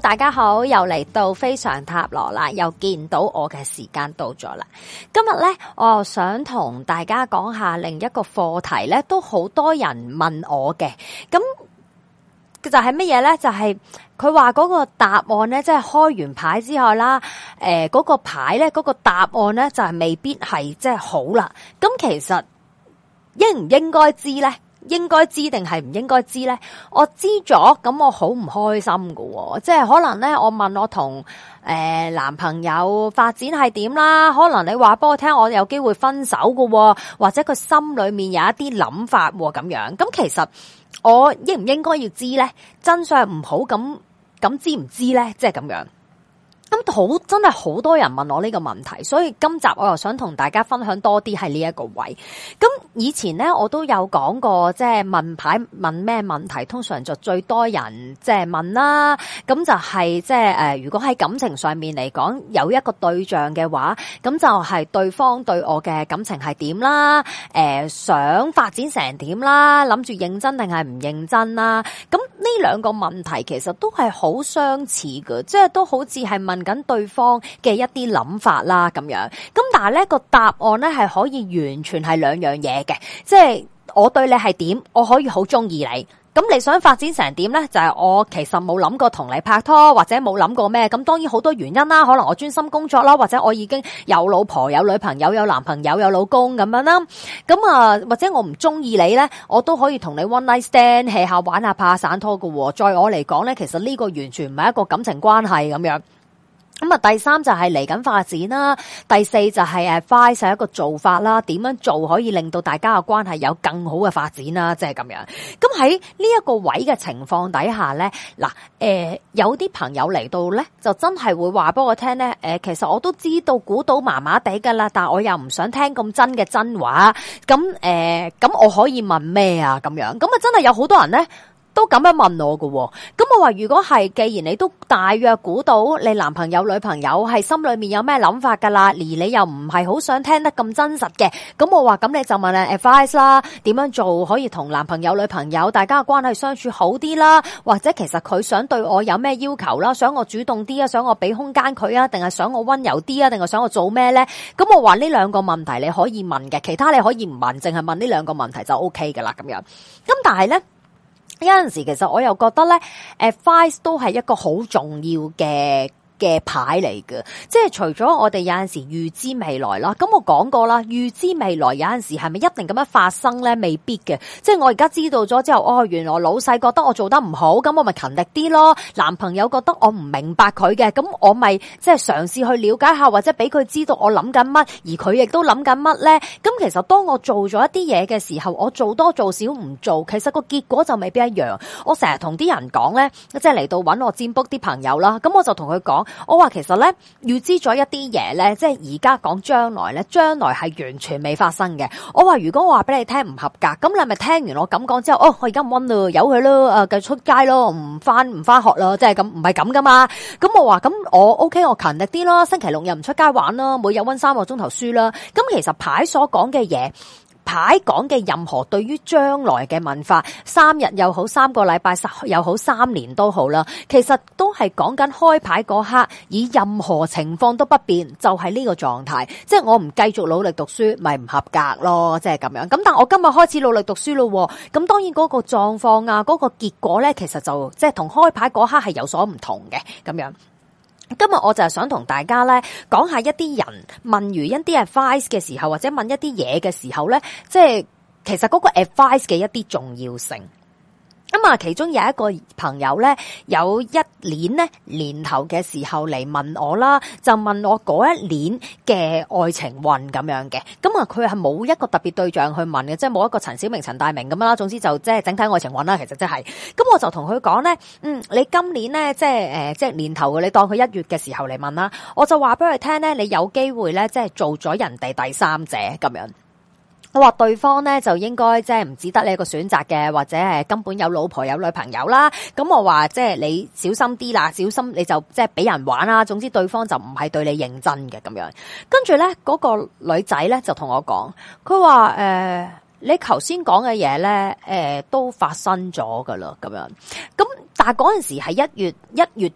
大家好，又嚟到非常塔羅啦，又見到我嘅時間到咗啦。今日咧，我想同大家講下另一個課題咧，都好多人問我嘅。咁就係乜嘢咧？就係佢話嗰個答案咧，即係開完牌之後啦，誒、呃，嗰個牌咧，嗰個答案咧，就係未必係即係好啦。咁其實應唔應該知咧？應該知定係唔應該知呢？我知咗，咁我好唔開心噶哦。即係可能呢，我問我同誒、呃、男朋友發展係點啦？可能你話俾我聽，我有機會分手噶哦，或者佢心裏面有一啲諗法哦，咁樣。咁其實我應唔應該要知呢？真相唔好，咁咁知唔知呢？即係咁樣。咁好，真係好多人問我呢個問題，所以今集我又想同大家分享多啲係呢一個位。咁以前呢，我都有講過，即係問牌問咩問題，通常就最多人即係問啦。咁就係即係誒，如果喺感情上面嚟講，有一個對象嘅話，咁就係對方對我嘅感情係點啦？誒、呃，想發展成點啦？諗住認真定係唔認真啦，啊？咁。呢兩個問題其實都係好相似嘅，即係都好似係問緊對方嘅一啲諗法啦咁樣。咁但係呢個答案呢係可以完全係兩樣嘢嘅，即係我對你係點，我可以好中意你。咁你想發展成點呢？就係我其實冇諗過同你拍拖，或者冇諗過咩。咁當然好多原因啦，可能我專心工作啦，或者我已經有老婆、有女朋友、有男朋友、有老公咁樣啦。咁啊，或者我唔中意你呢，我都可以同你 one night stand，hea 下、玩下、拍下散拖噶。在我嚟講呢，其實呢個完全唔係一個感情關係咁樣。咁啊，第三就係嚟緊發展啦，第四就係誒 Advice 係一個做法啦，點樣做可以令到大家嘅關係有更好嘅發展啦？即係咁樣。咁喺呢一個位嘅情況底下呢，嗱、呃，誒有啲朋友嚟到呢，就真係會話俾我聽呢，誒、呃，其實我都知道估到麻麻地噶啦，但係我又唔想聽咁真嘅真話，咁誒，咁、呃、我可以問咩啊？咁樣，咁啊，真係有好多人呢。都咁樣問我噶、喔，咁我話如果係，既然你都大約估到你男朋友女朋友係心裏面有咩諗法噶啦，而你又唔係好想聽得咁真實嘅，咁我話咁你就問你：「advice 啦，點樣做可以同男朋友女朋友大家嘅關係相處好啲啦？或者其實佢想對我有咩要求啦？想我主動啲啊？想我俾空間佢啊？定係想我溫柔啲啊？定係想我做咩呢？咁我話呢兩個問題你可以問嘅，其他你可以唔問，淨係問呢兩個問題就 OK 噶啦咁樣。咁但係呢，有陣時其實我又覺得咧，誒 Advice 都係一個好重要嘅，嘅牌嚟嘅，即係除咗我哋有陣時預知未來啦。咁我講過啦，預知未來有陣時係咪一定咁樣發生咧？未必嘅。即係我而家知道咗之後，哦，原來老細覺得我做得唔好，咁我咪勤力啲咯。男朋友覺得我唔明白佢嘅，咁我咪即係嘗試去了解下，或者俾佢知道我諗緊乜，而佢亦都諗緊乜咧。咁其實當我做咗一啲嘢嘅時候，我做多做少唔做，其實個結果就未必一樣。我成日同啲人講咧，即係嚟到揾我占卜啲朋友啦，咁我就同佢講。我話其實咧預知咗一啲嘢咧，即係而家講將來咧，將來係完全未發生嘅。我話如果我話俾你聽唔合格，咁你咪聽完我咁講之後，哦，我而家唔溫啦，由佢咯，啊，繼續出街咯，唔翻唔翻學咯，即係咁，唔係咁噶嘛。咁我話咁我 OK，我勤力啲啦，星期六日唔出街玩啦，每日溫三個鐘頭書啦。咁其實牌所講嘅嘢。牌講嘅任何對於將來嘅問法，三日又好，三個禮拜又好，三年都好啦，其實都係講緊開牌嗰刻，以任何情況都不變，就係、是、呢個狀態，即係我唔繼續努力讀書，咪唔合格咯，即係咁樣。咁，但我今日開始努力讀書咯，咁當然嗰個狀況啊，嗰、那個結果呢，其實就即係同開牌嗰刻係有所唔同嘅，咁樣。今日我就係想同大家咧講下一啲人問如一啲 advice 嘅時候，或者問一啲嘢嘅時候咧，即係其實個 advice 嘅一啲重要性。咁啊，其中有一個朋友咧，有一年咧年頭嘅時候嚟問我啦，就問我嗰一年嘅愛情運咁樣嘅。咁啊，佢係冇一個特別對象去問嘅，即係冇一個陳小明、陳大明咁樣啦。總之就即係整體愛情運啦，其實即、就、係、是即係。咁我就同佢講咧，嗯，你今年咧即係誒，即係、呃、年頭嘅，你當佢一月嘅時候嚟問啦。我就話俾佢聽咧，你有機會咧，即係做咗人哋第三者咁樣。佢話對方咧就應該即係唔止得你一個選擇嘅，或者係根本有老婆有女朋友啦。咁我話即係你小心啲啦，小心你就即係俾人玩啦。總之對方就唔係對你認真嘅咁樣。跟住咧嗰個女仔咧就同我講，佢、呃、話誒你頭先講嘅嘢咧誒都發生咗噶啦咁樣。咁但係嗰陣時係一月一月。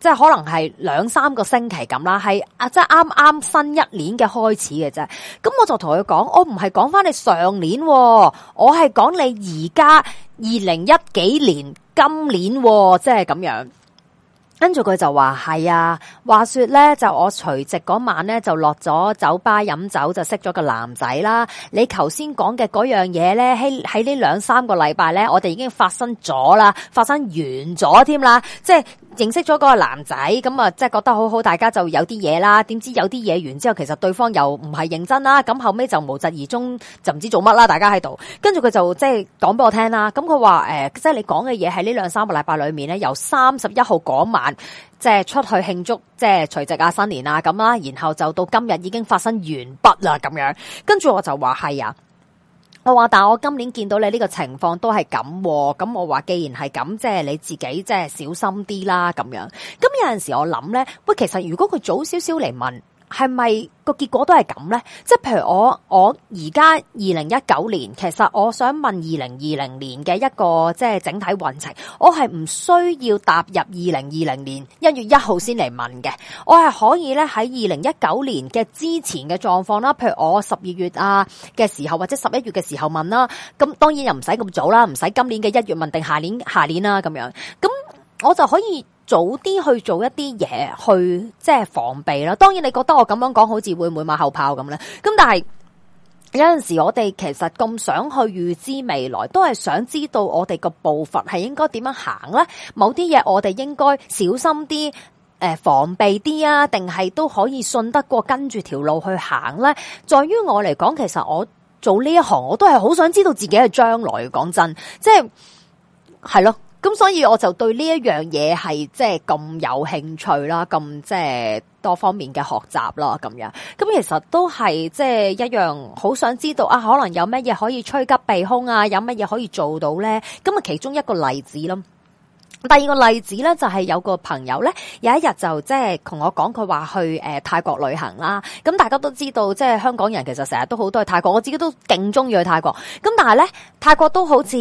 即係可能係兩三個星期咁啦，係啊，即係啱啱新一年嘅開始嘅啫。咁我就同佢講，我唔係講翻你上年喎，我係講你而家二零一幾年今年喎，即係咁樣。跟住佢就話係啊，話說咧就我除夕晚咧就落咗酒吧飲酒就識咗個男仔啦。你頭先講嘅樣嘢咧喺喺呢兩三個禮拜咧，我哋已經發生咗啦，發生完咗添啦，即係認識咗個男仔，咁啊即係覺得好好，大家就有啲嘢啦。點知有啲嘢完之後，其實對方又唔係認真啦。咁後尾就無疾而終，就唔知做乜啦。大家喺度，跟住佢就即係講俾我聽啦。咁佢話誒，即係你講嘅嘢喺呢兩三個禮拜裏面咧，由三十一號講埋。即係出去慶祝，即係除夕啊、新年啊咁啦，然後就到今日已經發生完畢啦咁樣，跟住我就話係啊，我話但係我今年見到你呢個情況都係咁、啊，咁我話既然係咁，即係你自己即係小心啲啦咁樣，咁有陣時我諗咧，喂，其實如果佢早少少嚟問。係咪個結果都係咁呢？即係譬如我我而家二零一九年，其實我想問二零二零年嘅一個即係整體運程，我係唔需要踏入二零二零年一月一號先嚟問嘅，我係可以咧喺二零一九年嘅之前嘅狀況啦，譬如我十二月啊嘅時候或者十一月嘅時候問啦，咁當然又唔使咁早啦，唔使今年嘅一月問定下年下年啦咁樣，咁我就可以。早啲去做一啲嘢，去即係防備啦。當然你覺得我咁樣講，好似會唔會馬後炮咁咧？咁但係有陣時我哋其實咁想去預知未來，都係想知道我哋個步伐係應該點樣行咧？某啲嘢我哋應該小心啲，誒、呃，防備啲啊，定係都可以信得過，跟住條路去行咧？在於我嚟講，其實我做呢一行，我都係好想知道自己嘅將來。講真，即係係咯。咁所以我就對呢一樣嘢係即係咁有興趣啦，咁即係多方面嘅學習啦，咁樣咁其實都係即係一樣好想知道啊，可能有乜嘢可以趨吉避凶啊，有乜嘢可以做到咧？咁啊其中一個例子咯，第二個例子咧就係、是、有個朋友咧有一日就即係同我講，佢話去誒、呃、泰國旅行啦、啊。咁大家都知道即係香港人其實成日都好多去泰國，我自己都勁中意去泰國。咁但係咧泰國都好似。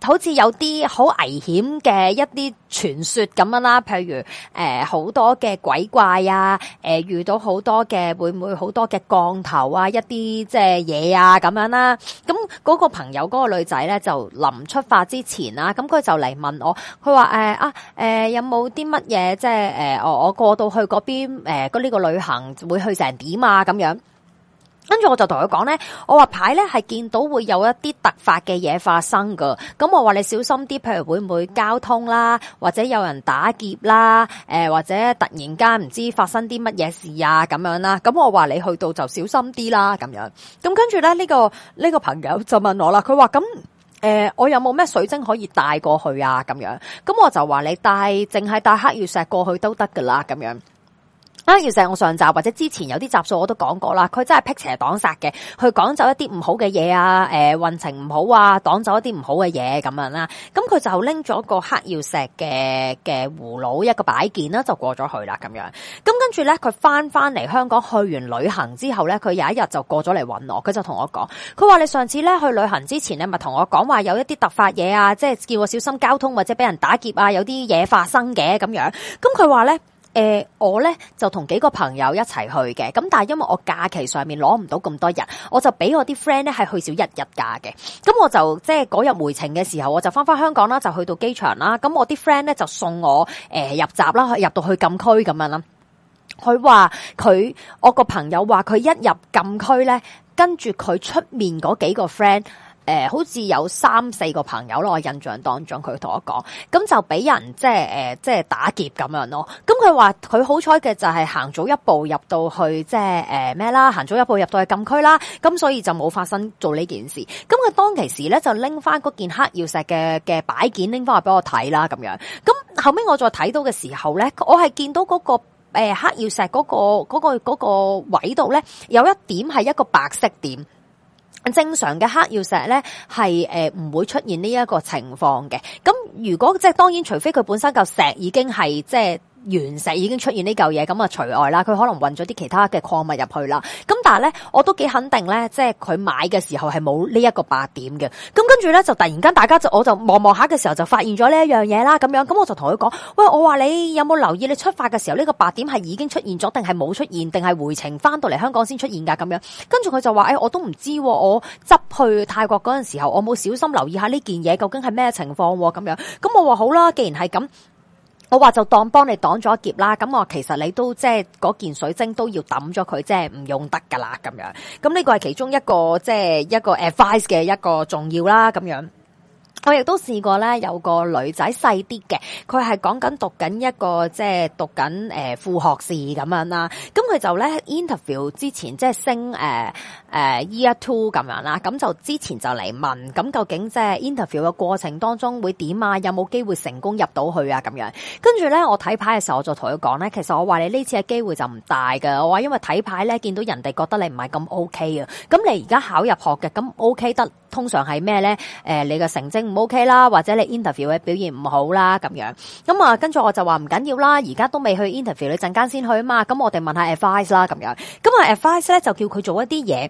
好似有啲好危險嘅一啲傳說咁樣啦，譬如誒好多嘅鬼怪啊，誒遇到好多嘅會唔會好多嘅降頭啊，一啲即係嘢啊咁樣啦。咁嗰個朋友嗰個女仔咧就臨出發之前啦，咁佢就嚟問我，佢話誒啊誒有冇啲乜嘢即係誒我我過到去嗰邊呢個旅行會去成點啊咁樣？跟住我就同佢講咧，我話牌咧係見到會有一啲突發嘅嘢發生噶，咁我話你小心啲，譬如會唔會交通啦，或者有人打劫啦，誒、呃、或者突然間唔知發生啲乜嘢事啊咁樣啦，咁我話你去到就小心啲啦咁樣。咁跟住咧呢、呢個呢、呢個朋友就問我啦，佢話咁誒，我有冇咩水晶可以帶過去啊？咁樣，咁我就話你帶，淨係帶黑曜石過去都得噶啦咁樣。黑曜石我上集或者之前有啲集數我都講過啦，佢真係辟邪擋煞嘅，去趕走一啲唔好嘅嘢啊，誒、呃、運程唔好啊，擋走一啲唔好嘅嘢咁樣啦。咁佢就拎咗個黑曜石嘅嘅葫蘆一個擺件啦，就過咗去啦咁樣。咁跟住咧，佢翻翻嚟香港，去完旅行之後咧，佢有一日就過咗嚟搵我，佢就同我講，佢話你上次咧去旅行之前你咪同我講話有一啲突發嘢啊，即係叫我小心交通或者俾人打劫啊，有啲嘢發生嘅咁樣。咁佢話咧，誒、呃，我咧就同幾個朋友一齊去嘅，咁但係因為我假期上面攞唔到咁多日，我就俾我啲 friend 咧係去少一日假嘅。咁我就即係嗰日回程嘅時候，我就翻翻香港啦，就去到機場啦。咁我啲 friend 咧就送我誒、呃、入閘啦，入到去禁區咁樣啦。佢話佢，我個朋友話佢一入禁區咧，跟住佢出面嗰幾個 friend。誒、呃，好似有三四個朋友咯，我印象當中佢同我講，咁就俾人即係誒，即、呃、係打劫咁樣咯。咁佢話佢好彩嘅就係行早一步入到去，即係誒咩啦，行早一步入到去禁區啦，咁、嗯、所以就冇發生做呢件事。咁、嗯、佢當其時咧就拎翻嗰件黑曜石嘅嘅擺件拎翻嚟俾我睇啦，咁樣。咁、嗯、後尾我再睇到嘅時候咧，我係見到嗰、那個誒、呃、黑曜石嗰、那個、那個、那個那個位度咧，有一點係一個白色點。正常嘅黑曜石咧，係誒唔會出現呢一個情況嘅。咁如果即係當然，除非佢本身嚿石已經係即係。原石已經出現呢嚿嘢，咁啊除外啦，佢可能混咗啲其他嘅礦物入去啦。咁但係呢，我都幾肯定呢，即係佢買嘅時候係冇呢一個白點嘅。咁跟住呢，就突然間大家就我就望望下嘅時候，就發現咗呢一樣嘢啦。咁樣咁我就同佢講：喂，我話你有冇留意你出發嘅時候呢個白點係已經出現咗，定係冇出現，定係回程翻到嚟香港先出現㗎？咁樣跟住佢就話：誒，我都唔知、啊，我執去泰國嗰陣時候，我冇小心留意下呢件嘢究竟係咩情況咁樣。咁我話好啦，既然係咁。我話就當幫你擋咗一劫啦，咁我其實你都即係件水晶都要抌咗佢，即係唔用得噶啦咁樣，咁呢個係其中一個即係一個 advice 嘅一個重要啦咁樣。我亦都試過咧，有個女仔細啲嘅，佢係講緊讀緊一個即係讀緊誒、呃、副學士咁樣啦。咁佢就咧 interview 之前即係升誒誒、呃呃、year two 咁樣啦。咁就之前就嚟問，咁究竟即係 interview 嘅過程當中會點啊？有冇機會成功入到去啊？咁樣跟住咧，我睇牌嘅時候，我就同佢講咧，其實我話你呢次嘅機會就唔大嘅。我話因為睇牌咧，見到人哋覺得你唔係咁 OK 啊。咁你而家考入學嘅咁 OK 得，通常係咩咧？誒、呃，你嘅成績。唔 OK 啦，或者你 interview 嘅表現唔好啦，咁樣咁啊，跟住我就話唔緊要啦，而家都未去 interview，你陣間先去啊嘛，咁我哋問下 advice 啦，咁樣咁啊 advice 咧就叫佢做一啲嘢，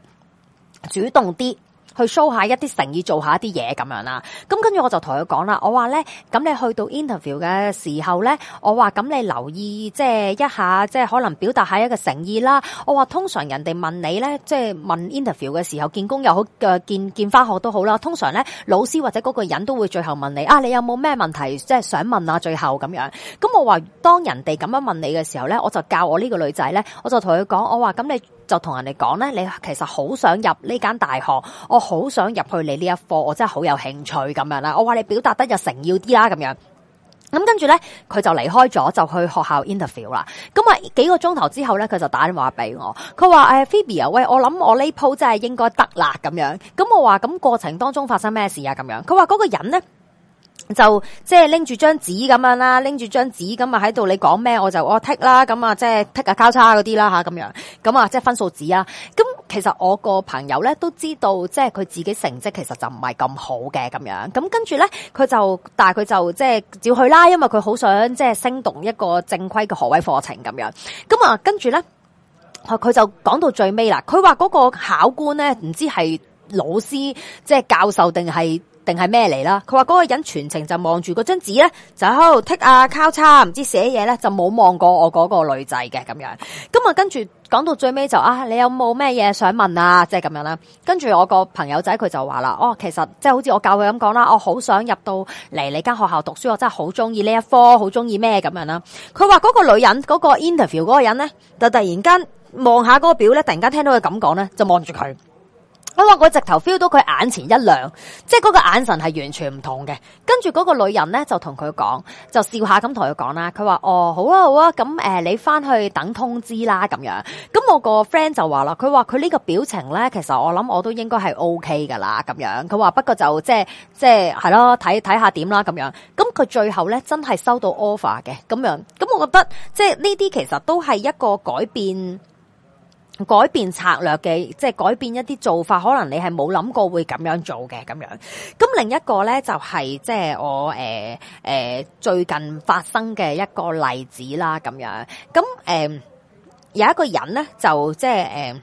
主動啲。去 show 下一啲誠意，做下一啲嘢咁樣啦。咁跟住我就同佢講啦，我話咧，咁你去到 interview 嘅時候咧，我話咁你留意即係一下，即係可能表達下一個誠意啦。我話通常人哋問你咧，即係問 interview 嘅時候，見工又好，誒見見翻學都好啦。通常咧，老師或者嗰個人都會最後問你啊，你有冇咩問題即係想問啊？最後咁樣。咁我話當人哋咁樣問你嘅時候咧，我就教我呢個女仔咧，我就同佢講，我話咁你。就同人哋講咧，你其實好想入呢間大學，我好想入去你呢一科，我真係好有興趣咁樣啦。我話你表達得就誠意啲啦，咁樣。咁跟住咧，佢就離開咗，就去學校 interview 啦。咁啊幾個鐘頭之後咧，佢就打電話俾我，佢話：誒，Phoebe 啊，Pho ebe，喂，我諗我呢鋪真係應該得啦，咁樣。咁我話：咁過程當中發生咩事啊？咁樣。佢話嗰個人咧。就即係拎住張紙咁樣啦，拎住張紙咁啊喺度，你講咩我就我剔啦，咁啊即係剔 i 啊交叉嗰啲啦吓咁樣，咁啊即係分數紙啊。咁其實我個朋友咧都知道，即係佢自己成績其實就唔係咁好嘅咁樣。咁跟住咧，佢就但係佢就即係照去啦，因為佢好想即係升讀一個正規嘅學位課程咁樣。咁啊跟住咧，佢就講到最尾啦。佢話嗰個考官咧，唔知係老師即係教授定係定係咩嚟啦？佢話嗰個人全程就望住嗰張紙咧，就喺度剔啊、交叉，唔知寫嘢咧，就冇望過我嗰個女仔嘅咁樣。咁啊，跟住講到最尾就啊，你有冇咩嘢想問啊？即係咁樣啦。跟住我個朋友仔佢就話啦，哦，其實即係、就是、好似我教佢咁講啦，我好想入到嚟你間學校讀書，我真係好中意呢一科，好中意咩咁樣啦。佢話嗰個女人嗰、嗰個 interview 嗰個人咧，就突然間望下嗰個表咧，突然間聽到佢咁講咧，就望住佢。佢話我直頭 feel 到佢眼前一亮，即係嗰個眼神係完全唔同嘅。跟住嗰個女人呢，就同佢講，就笑下咁同佢講啦。佢話哦好啊好啊，咁誒、啊呃、你翻去等通知啦咁樣。咁我個 friend 就話啦，佢話佢呢個表情呢，其實我諗我都應該係 OK 噶啦咁樣。佢話不過就即係即係係咯，睇睇下點啦咁樣。咁佢最後呢，真係收到 offer 嘅咁樣。咁我覺得即係呢啲其實都係一個改變。改變策略嘅，即係改變一啲做法，可能你係冇諗過會咁樣做嘅咁樣。咁另一個咧就係即係我誒誒、呃呃、最近發生嘅一個例子啦咁樣。咁誒、呃、有一個人咧就即係誒。就係呃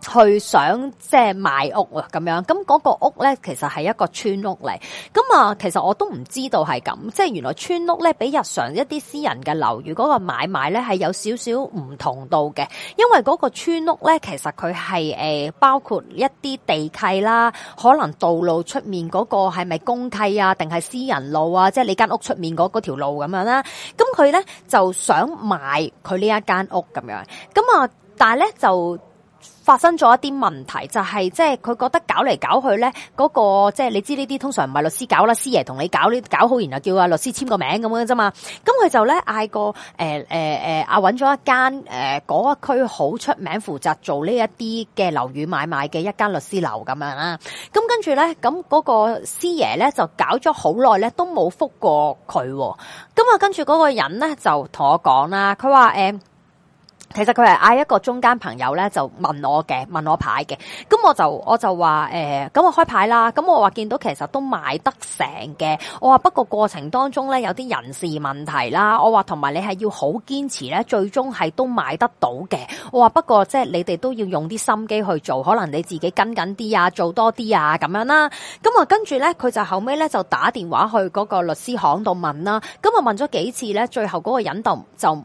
去想即係賣屋喎，咁樣咁嗰個屋咧，其實係一個村屋嚟。咁啊，其實我都唔知道係咁，即係原來村屋咧，比日常一啲私人嘅樓宇嗰個買賣咧，係有少少唔同度嘅。因為嗰個村屋咧，其實佢係誒包括一啲地契啦，可能道路出面嗰個係咪公契啊，定係私人路啊？即係你間屋出面嗰嗰條路咁樣啦。咁佢咧就想賣佢呢一間屋咁樣。咁啊，但係咧就。發生咗一啲問題，就係、是、即係佢覺得搞嚟搞去咧，嗰、那個即係你知呢啲通常唔係律師搞啦，師爺同你搞呢，搞好然後叫阿律師簽個名咁樣啫嘛。咁佢就咧嗌個誒誒誒啊揾咗一間誒嗰一區好出名負責做呢一啲嘅樓宇買賣嘅一間律師樓咁樣啦。咁跟住咧，咁嗰個師爺咧就搞咗好耐咧，都冇覆過佢。咁啊，跟住嗰個人咧就同我講啦，佢話誒。欸其實佢係嗌一個中間朋友咧，就問我嘅，問我牌嘅。咁我就我就話誒，咁、欸、我開牌啦。咁我話見到其實都買得成嘅。我話不過過程當中咧有啲人事問題啦。我話同埋你係要好堅持咧，最終係都買得到嘅。我話不過即係你哋都要用啲心機去做，可能你自己跟緊啲啊，做多啲啊咁樣啦。咁啊，跟住咧佢就後尾咧就打電話去嗰個律師行度問啦。咁啊問咗幾次咧，最後嗰個人就就。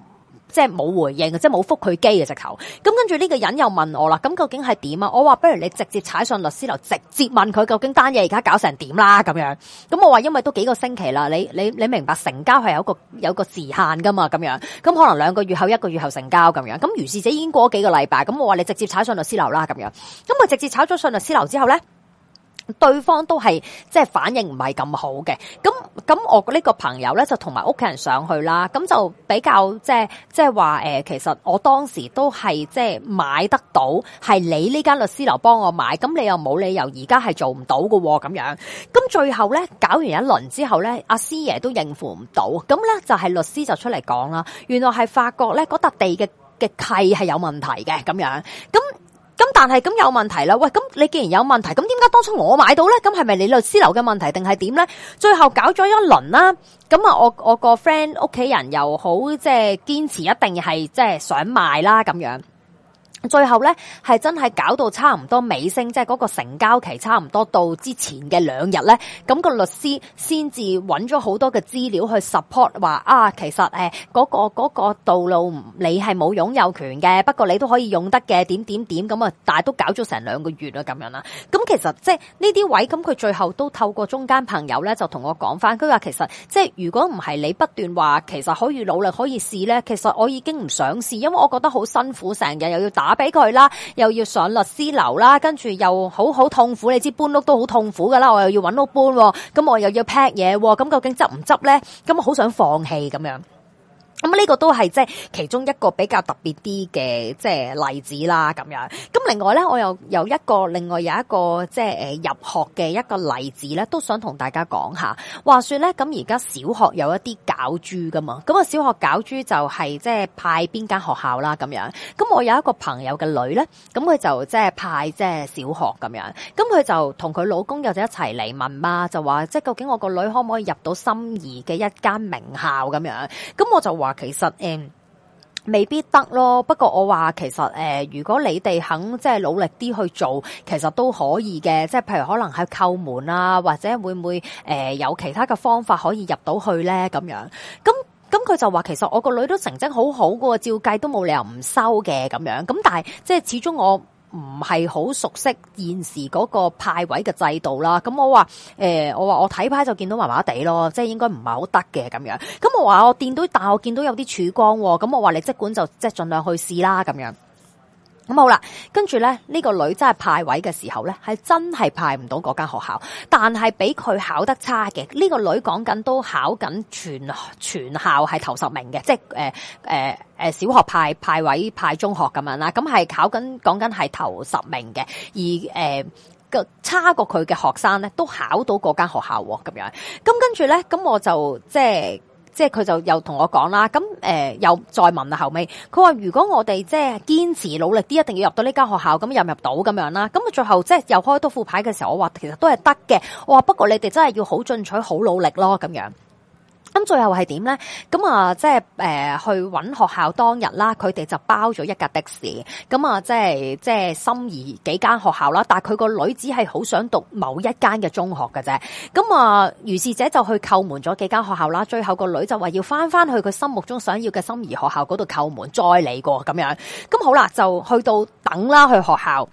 即係冇回應，即係冇覆佢機嘅直頭。咁跟住呢個人又問我啦，咁究竟係點啊？我話不如你直接踩上律師樓，直接問佢究竟單嘢而家搞成點啦咁樣。咁我話因為都幾個星期啦，你你你明白成交係有一個有一個時限噶嘛咁樣。咁可能兩個月後、一個月後成交咁樣。咁如是者已經過咗幾個禮拜，咁我話你直接踩上律師樓啦咁樣。咁我直接踩咗上律師樓之後呢。對方都係即係反應唔係咁好嘅，咁咁我呢個朋友咧就同埋屋企人上去啦，咁就比較即係即係話誒，其實我當時都係即係買得到，係你呢間律師樓幫我買，咁你又冇理由而家係做唔到嘅喎。哦，咁樣。咁最後咧搞完一輪之後咧，阿師爺都應付唔到，咁咧就係、是、律師就出嚟講啦，原來係發覺咧嗰笪地嘅嘅契係有問題嘅，咁樣咁。但係咁有問題啦，喂，咁你既然有問題，咁點解當初我買到呢？咁係咪你律師樓嘅問題定係點呢？最後搞咗一輪啦，咁啊，我我個 friend 屋企人又好，即係堅持一定係即係想賣啦，咁樣。最後咧係真係搞到差唔多尾聲，即係嗰個成交期差唔多到之前嘅兩日咧，咁個律師先至揾咗好多嘅資料去 support 話啊，其實誒嗰個嗰個道路你係冇擁有權嘅，不過你都可以用得嘅點點點咁啊，但係都搞咗成兩個月啦咁樣啦。咁其實即係呢啲位，咁佢最後都透過中間朋友咧就同我講翻，佢話其實即係如果唔係你不斷話其實可以努力可以試咧，其實我已經唔想試，因為我覺得好辛苦，成日又要打。俾佢啦，又要上律師樓啦，跟住又好好痛苦。你知搬屋都好痛苦噶啦，我又要揾屋搬，咁我又要 pack 嘢，咁究竟執唔執咧？咁好想放棄咁樣。咁呢個都係即係其中一個比較特別啲嘅即係例子啦咁樣。咁另外咧，我又有一個另外有一個即係誒入學嘅一個例子咧，都想同大家講下。話說咧，咁而家小學有一啲攪珠噶嘛。咁啊小學攪珠就係即係派邊間學校啦咁樣。咁我有一個朋友嘅女咧，咁佢就即係派即係小學咁樣。咁佢就同佢老公又就一齊嚟問嘛，就話即係究竟我個女可唔可以入到心儀嘅一間名校咁樣？咁我就話。其實誒、嗯，未必得咯。不過我話其實誒、呃，如果你哋肯即係努力啲去做，其實都可以嘅。即係譬如可能係叩門啦，或者會唔會誒、呃、有其他嘅方法可以入到去咧咁樣。咁咁佢就話，其實我個女都成績好好噶，照計都冇理由唔收嘅咁樣。咁但係即係始終我。唔係好熟悉現時嗰個派位嘅制度啦，咁我話誒、呃、我話我睇牌就見到麻麻哋咯，即係應該唔係好得嘅咁樣，咁我話我見到，但我見到有啲曙光喎、哦，咁我話你即管就即係盡量去試啦咁樣。咁、嗯、好啦，跟住咧呢、呢個女真係派位嘅時候咧，係真係派唔到嗰間學校，但係比佢考得差嘅呢、呢個女講緊都考緊全全校係頭十名嘅，即係誒誒誒小學派派位派中學咁樣啦，咁係考緊講緊係頭十名嘅，而誒個、呃、差過佢嘅學生咧都考到嗰間學校咁、哦、樣，咁跟住咧，咁我就即係。即係佢就又同我講啦，咁誒又再問啦後尾，佢話如果我哋即係堅持努力啲，一定要入到呢間學校，咁入唔入到咁樣啦？咁啊最後即係又開多副牌嘅時候，我話其實都係得嘅，我話不過你哋真係要好進取、好努力咯，咁樣。咁最後係點咧？咁啊，即係誒、呃，去揾學校當日啦，佢哋就包咗一架的士。咁啊，即係即係心儀幾間學校啦。但係佢個女只係好想讀某一間嘅中學㗎啫。咁啊，於是者就去叩門咗幾間學校啦。最後個女就話要翻翻去佢心目中想要嘅心儀學校嗰度叩門，再嚟過咁樣。咁好啦，就去到等啦，去學校。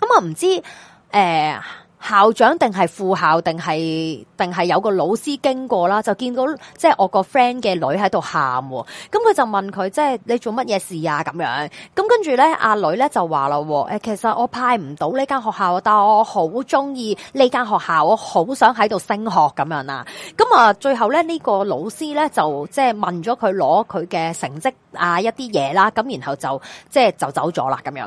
咁啊，唔知誒。呃校長定係副校定係定係有個老師經過啦，就見到即係我個 friend 嘅女喺度喊，咁佢就問佢即係你做乜嘢事啊？咁樣咁跟住咧，阿女咧就話啦，誒，其實我派唔到呢間學校，但係我好中意呢間學校，我好想喺度升學咁樣啦。咁啊，最後咧呢個老師咧就即係問咗佢攞佢嘅成績啊一啲嘢啦，咁然後就即係就走咗啦咁樣。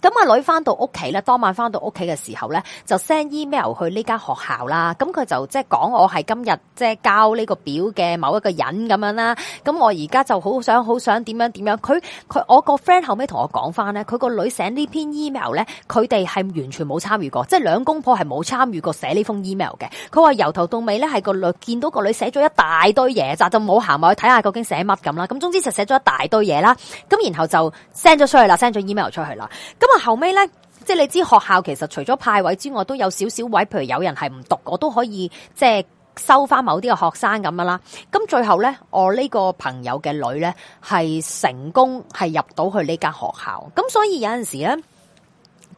咁阿女翻到屋企咧，當晚翻到屋企嘅時候咧，就 send email 去呢間學校啦。咁佢就即係講我係今日即係交呢個表嘅某一個人咁樣啦。咁我而家就好想好想點樣點樣。佢佢我個 friend 後尾同我講翻咧，佢個女寫呢篇 email 咧，佢哋係完全冇參與過，即係兩公婆係冇參與過寫呢封 email 嘅。佢話由頭到尾咧係個女見到個女寫咗一大堆嘢，就就冇行埋去睇下究竟寫乜咁啦。咁總之就寫咗一大堆嘢啦。咁然後就 send 咗出去啦，send 咗 email 出去啦。咁咁啊，後尾咧，即係你知學校其實除咗派位之外，都有少少位，譬如有人係唔讀，我都可以即係收翻某啲嘅學生咁樣啦。咁最後咧，我呢個朋友嘅女咧係成功係入到去呢間學校，咁所以有陣時咧。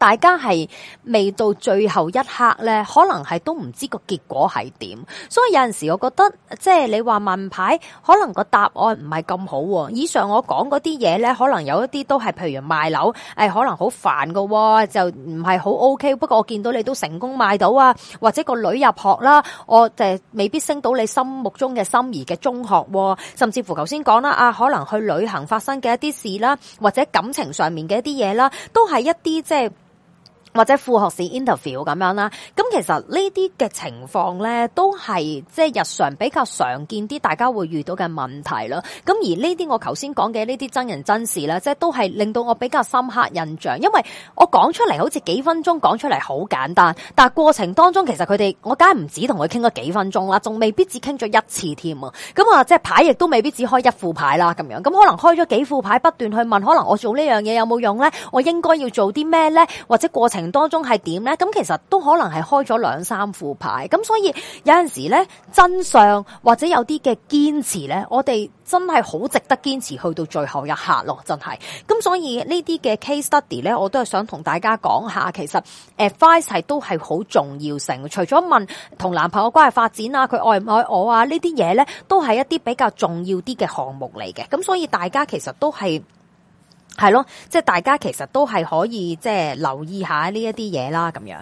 大家係未到最後一刻咧，可能係都唔知個結果係點，所以有陣時我覺得，即係你話問牌，可能個答案唔係咁好。以上我講嗰啲嘢咧，可能有一啲都係，譬如賣樓，誒，可能好煩噶，就唔係好 OK。不過我見到你都成功賣到啊，或者個女入學啦，我就未必升到你心目中嘅心儀嘅中學。甚至乎頭先講啦，啊，可能去旅行發生嘅一啲事啦，或者感情上面嘅一啲嘢啦，都係一啲即係。或者副學士 interview 咁樣啦，咁其實呢啲嘅情況咧，都係即係日常比較常見啲，大家會遇到嘅問題啦。咁而呢啲我頭先講嘅呢啲真人真事咧，即係都係令到我比較深刻印象，因為我講出嚟好似幾分鐘講出嚟好簡單，但係過程當中其實佢哋我梗係唔止同佢傾咗幾分鐘啦，仲未必只傾咗一次添啊。咁啊，即係牌亦都未必只開一副牌啦，咁樣咁可能開咗幾副牌，不斷去問，可能我做呢樣嘢有冇用咧？我應該要做啲咩咧？或者過程。當中係點呢？咁其實都可能係開咗兩三副牌，咁所以有陣時呢，真相或者有啲嘅堅持呢，我哋真係好值得堅持去到最後一刻咯，真係。咁所以呢啲嘅 case study 呢，我都係想同大家講下，其實誒，Advice 都係好重要性。除咗問同男朋友關係發展啊，佢愛唔愛我啊呢啲嘢呢，都係一啲比較重要啲嘅項目嚟嘅。咁所以大家其實都係。係咯，即係大家其實都係可以即係留意下呢一啲嘢啦，咁樣。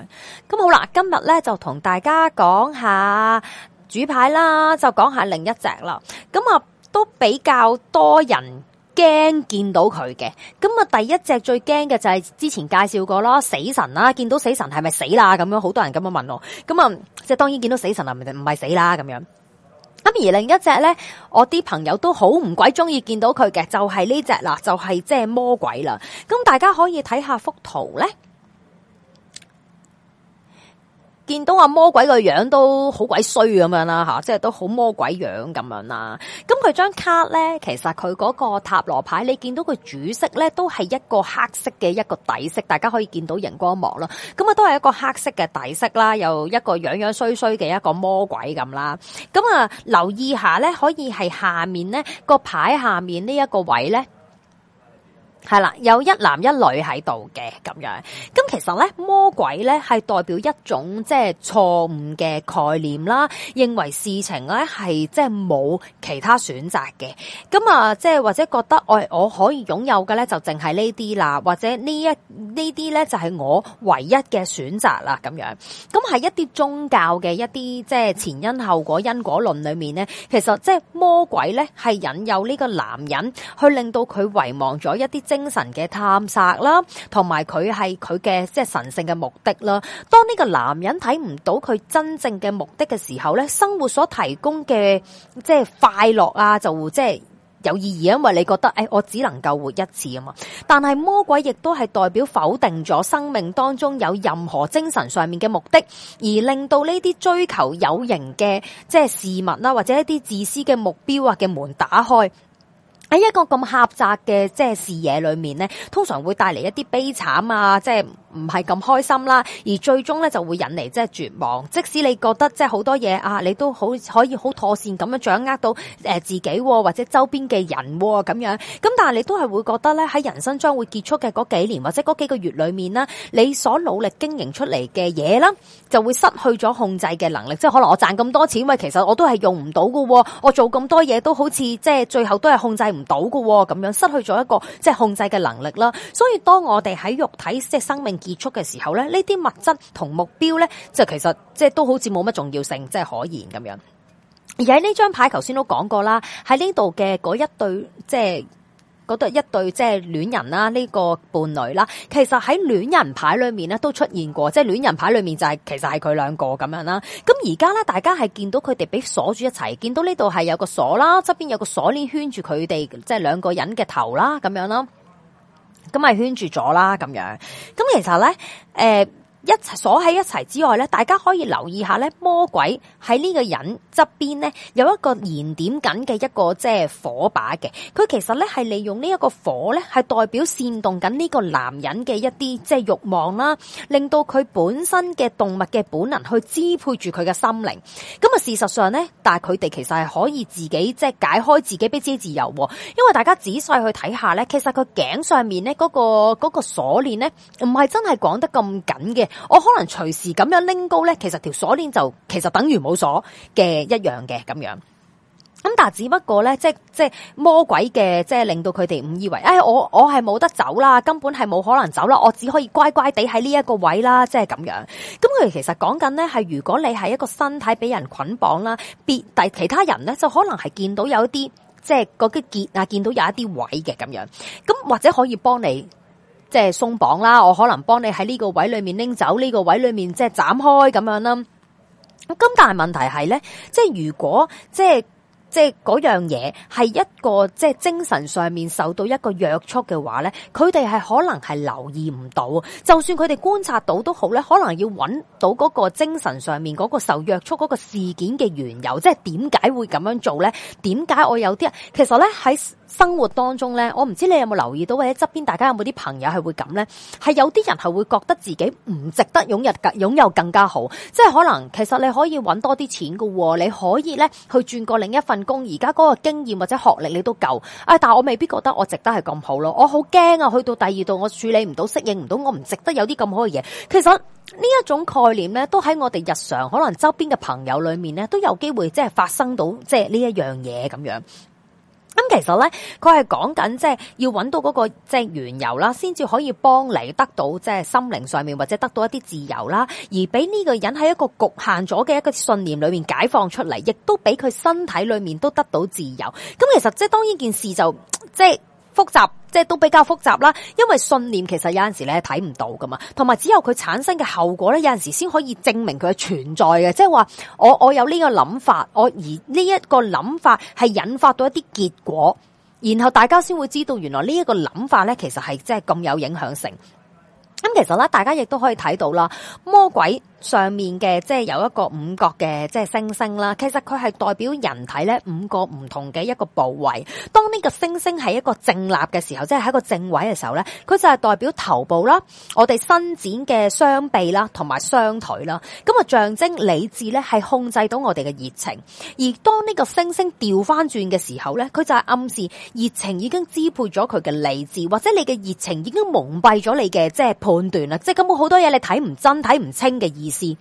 咁好啦，今日咧就同大家講下主牌啦，就講下另一隻啦。咁啊，都比較多人驚見到佢嘅。咁啊，第一隻最驚嘅就係之前介紹過啦，死神啦，見到死神係咪死啦？咁樣好多人咁樣問我。咁啊，即係當然見到死神啦，咪唔係死啦咁樣。咁而另一隻呢，我啲朋友都好唔鬼鍾意見到佢嘅，就係呢隻啦，就係即係魔鬼啦。咁大家可以睇下幅圖咧。見到阿魔鬼個樣都好鬼衰咁樣啦，吓，即係都好魔鬼樣咁樣啦。咁佢張卡咧，其實佢嗰個塔羅牌，你見到佢主色咧都係一個黑色嘅一個底色，大家可以見到熒光幕咯。咁啊，都係一個黑色嘅底色啦，又一個樣樣衰衰嘅一個魔鬼咁啦。咁啊，留意下咧，可以係下面咧個牌下面呢一個位咧。係啦，有一男一女喺度嘅咁樣。咁其實咧，魔鬼咧係代表一種即係錯誤嘅概念啦，認為事情咧係即係冇其他選擇嘅。咁啊，即係或者覺得我、哎、我可以擁有嘅咧就淨係呢啲啦，或者呢一呢啲咧就係、是、我唯一嘅選擇啦。咁樣，咁係一啲宗教嘅一啲即係前因後果因果論裏面咧，其實即係魔鬼咧係引誘呢個男人去令到佢遺忘咗一啲即。精神嘅探索啦，同埋佢係佢嘅即係神聖嘅目的啦。當呢個男人睇唔到佢真正嘅目的嘅時候咧，生活所提供嘅即係快樂啊，就會即係有意義，因為你覺得誒、哎，我只能夠活一次啊嘛。但係魔鬼亦都係代表否定咗生命當中有任何精神上面嘅目的，而令到呢啲追求有形嘅即係事物啦，啊，或者一啲自私嘅目標啊嘅門打開。喺一個咁狹窄嘅即係視野裏面咧，通常會帶嚟一啲悲慘啊，即係。唔係咁開心啦，而最終咧就會引嚟，即係絕望。即使你覺得即係好多嘢啊，你都好可以好妥善咁樣掌握到誒自己或者周邊嘅人咁樣，咁但係你都係會覺得咧喺人生將會結束嘅嗰幾年或者嗰幾個月裏面啦，你所努力經營出嚟嘅嘢啦，就會失去咗控制嘅能力。即係可能我賺咁多錢，喂，其實我都係用唔到噶，我做咁多嘢都好似即係最後都係控制唔到噶咁樣，失去咗一個即係控制嘅能力啦。所以當我哋喺肉體即係生命結束嘅時候咧，呢啲物質同目標咧，即係其實即係都好似冇乜重要性，即係可言咁樣。而喺呢張牌，頭先都講過啦，喺呢度嘅嗰一對，即係嗰對一對即係戀人啦，呢個伴侶啦，其實喺戀人牌裏面咧都出現過，即係戀人牌裏面就係其實係佢兩個咁樣啦。咁而家咧，大家係見到佢哋俾鎖住一齊，見到呢度係有個鎖啦，側邊有個鎖鏈圈住佢哋，即係兩個人嘅頭啦，咁樣啦。咁咪圈住咗啦，咁樣。咁其實咧，誒、呃。一齊鎖喺一齊之外咧，大家可以留意下咧，魔鬼喺呢個人側邊咧有一個燃點緊嘅一個即係火把嘅，佢其實咧係利用呢一個火咧係代表煽動緊呢個男人嘅一啲即係慾望啦，令到佢本身嘅動物嘅本能去支配住佢嘅心靈。咁啊，事實上咧，但係佢哋其實係可以自己即係解開自己畀自己自由，因為大家仔細去睇下咧，其實佢頸上面咧、嗰、嗰個嗰、嗰個鎖鏈咧唔係真係綁得咁緊嘅。我可能隨時咁樣拎高咧，其實條鎖鏈就其實等於冇鎖嘅一樣嘅咁樣。咁但係只不過咧，即係即係魔鬼嘅，即係令到佢哋誤以為，哎，我我係冇得走啦，根本係冇可能走啦，我只可以乖乖地喺呢一個位啦，即係咁樣。咁佢哋其實講緊咧，係如果你係一個身體俾人捆綁啦，別但其他人咧，就可能係見到有一啲即係嗰啲結啊，見到有一啲位嘅咁樣，咁或者可以幫你。即係鬆綁啦，我可能幫你喺呢個位裏面拎走，呢、這個位裏面即係斬開咁樣啦。咁但係問題係咧，即係如果即係即係嗰樣嘢係一個即係精神上面受到一個約束嘅話咧，佢哋係可能係留意唔到，就算佢哋觀察到都好咧，可能要揾到嗰個精神上面嗰個受約束嗰個事件嘅緣由，即係點解會咁樣做咧？點解我有啲人其實咧喺？生活當中呢，我唔知你有冇留意到，或者側邊大家有冇啲朋友係會咁呢？係有啲人係會覺得自己唔值得擁有擁有更加好，即係可能其實你可以揾多啲錢噶，你可以呢去轉過另一份工，而家嗰個經驗或者學歷你都夠啊，但係我未必覺得我值得係咁好咯，我好驚啊！去到第二度我處理唔到，適應唔到，我唔值得有啲咁好嘅嘢。其實呢一種概念呢，都喺我哋日常可能周邊嘅朋友裏面呢，都有機會即係發生到即係呢一樣嘢咁樣。其實咧，佢係講緊即係要揾到嗰個即係緣由啦，先至可以幫你得到即係心靈上面或者得到一啲自由啦。而俾呢個人喺一個局限咗嘅一個信念裏面解放出嚟，亦都俾佢身體裏面都得到自由。咁其實即係當然件事就即係。就是複雜，即係都比較複雜啦，因為信念其實有陣時咧，睇唔到噶嘛，同埋只有佢產生嘅後果咧，有陣時先可以證明佢係存在嘅，即係話我我有呢個諗法，我而呢一個諗法係引發到一啲結果，然後大家先會知道原來呢一個諗法咧其實係即係咁有影響性。咁其實咧，大家亦都可以睇到啦，魔鬼。上面嘅即係有一個五角嘅，即係星星啦，其實佢係代表人體咧五個唔同嘅一個部位。當呢個星星係一個正立嘅時候，即係喺一個正位嘅時候咧，佢就係代表頭部啦，我哋伸展嘅雙臂啦，同埋雙腿啦。咁啊象徵理智咧係控制到我哋嘅熱情，而當呢個星星調翻轉嘅時候咧，佢就係暗示熱情已經支配咗佢嘅理智，或者你嘅熱情已經蒙蔽咗你嘅即係判斷啦，即係咁好多嘢你睇唔真睇唔清嘅意。意思。PC.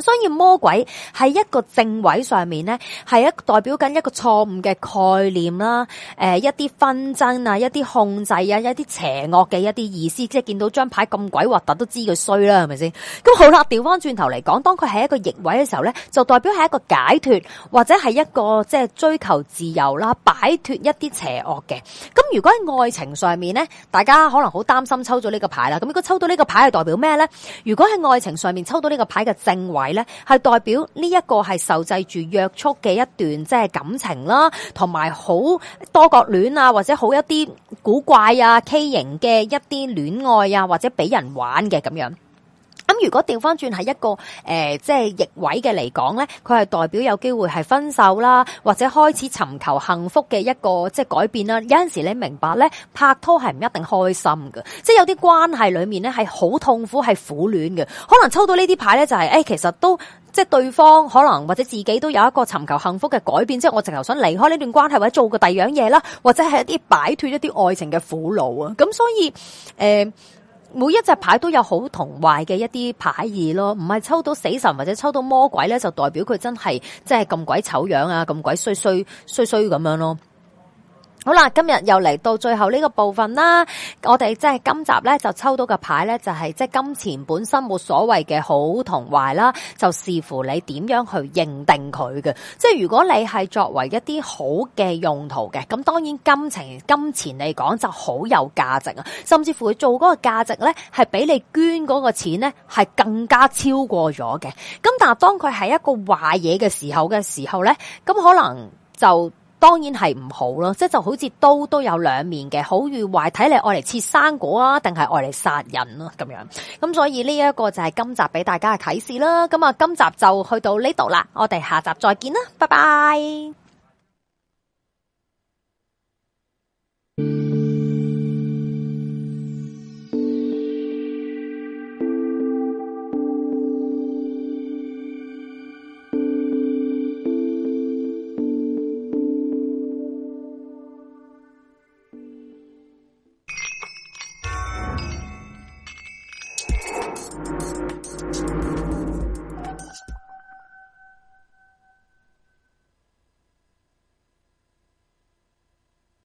所以魔鬼喺一個正位上面咧，係一代表緊一個錯誤嘅概念啦，誒一啲紛爭啊，一啲控制啊，一啲邪惡嘅一啲意思，即係見到張牌咁鬼核突都知佢衰啦，係咪先？咁好啦，調翻轉頭嚟講，當佢係一個逆位嘅時候咧，就代表係一個解脱，或者係一個即係追求自由啦，擺脱一啲邪惡嘅。咁如果喺愛情上面咧，大家可能好擔心抽咗呢個牌啦。咁如果抽到呢個牌係代表咩咧？如果喺愛情上面抽到呢個牌嘅正位。係咧，係代表呢一個係受制住約束嘅一段，即係感情啦，同埋好多角戀啊，或者好一啲古怪啊、畸形嘅一啲戀愛啊，或者俾人玩嘅咁樣。咁如果調翻轉係一個誒、呃，即係逆位嘅嚟講呢，佢係代表有機會係分手啦，或者開始尋求幸福嘅一個即係改變啦。有陣時你明白呢，拍拖係唔一定開心嘅，即係有啲關係裏面呢係好痛苦，係苦戀嘅。可能抽到呢啲牌呢，就是，就係誒，其實都即係對方可能或者自己都有一個尋求幸福嘅改變，即係我直頭想離開呢段關係或者做個第二樣嘢啦，或者係一啲擺脫一啲愛情嘅苦惱啊。咁所以誒。呃每一隻牌都有好同壞嘅一啲牌意咯，唔係抽到死神或者抽到魔鬼咧，就代表佢真係即係咁鬼醜樣啊，咁鬼衰衰衰衰咁樣咯。好啦，今日又嚟到最後呢個部分啦。我哋即係今集咧就抽到嘅牌咧，就係即係金錢本身冇所謂嘅好同壞啦，就視乎你點樣去認定佢嘅。即係如果你係作為一啲好嘅用途嘅，咁當然金錢金錢嚟講就好有價值啊。甚至乎佢做嗰個價值咧，係比你捐嗰個錢咧係更加超過咗嘅。咁但係當佢係一個壞嘢嘅時候嘅時候咧，咁可能就。當然係唔好咯，即係就好似刀都有兩面嘅，好與壞睇你愛嚟切生果啊，定係愛嚟殺人咯咁樣。咁所以呢一個就係今集俾大家嘅啟示啦。咁啊，今集就去到呢度啦，我哋下集再見啦，拜拜。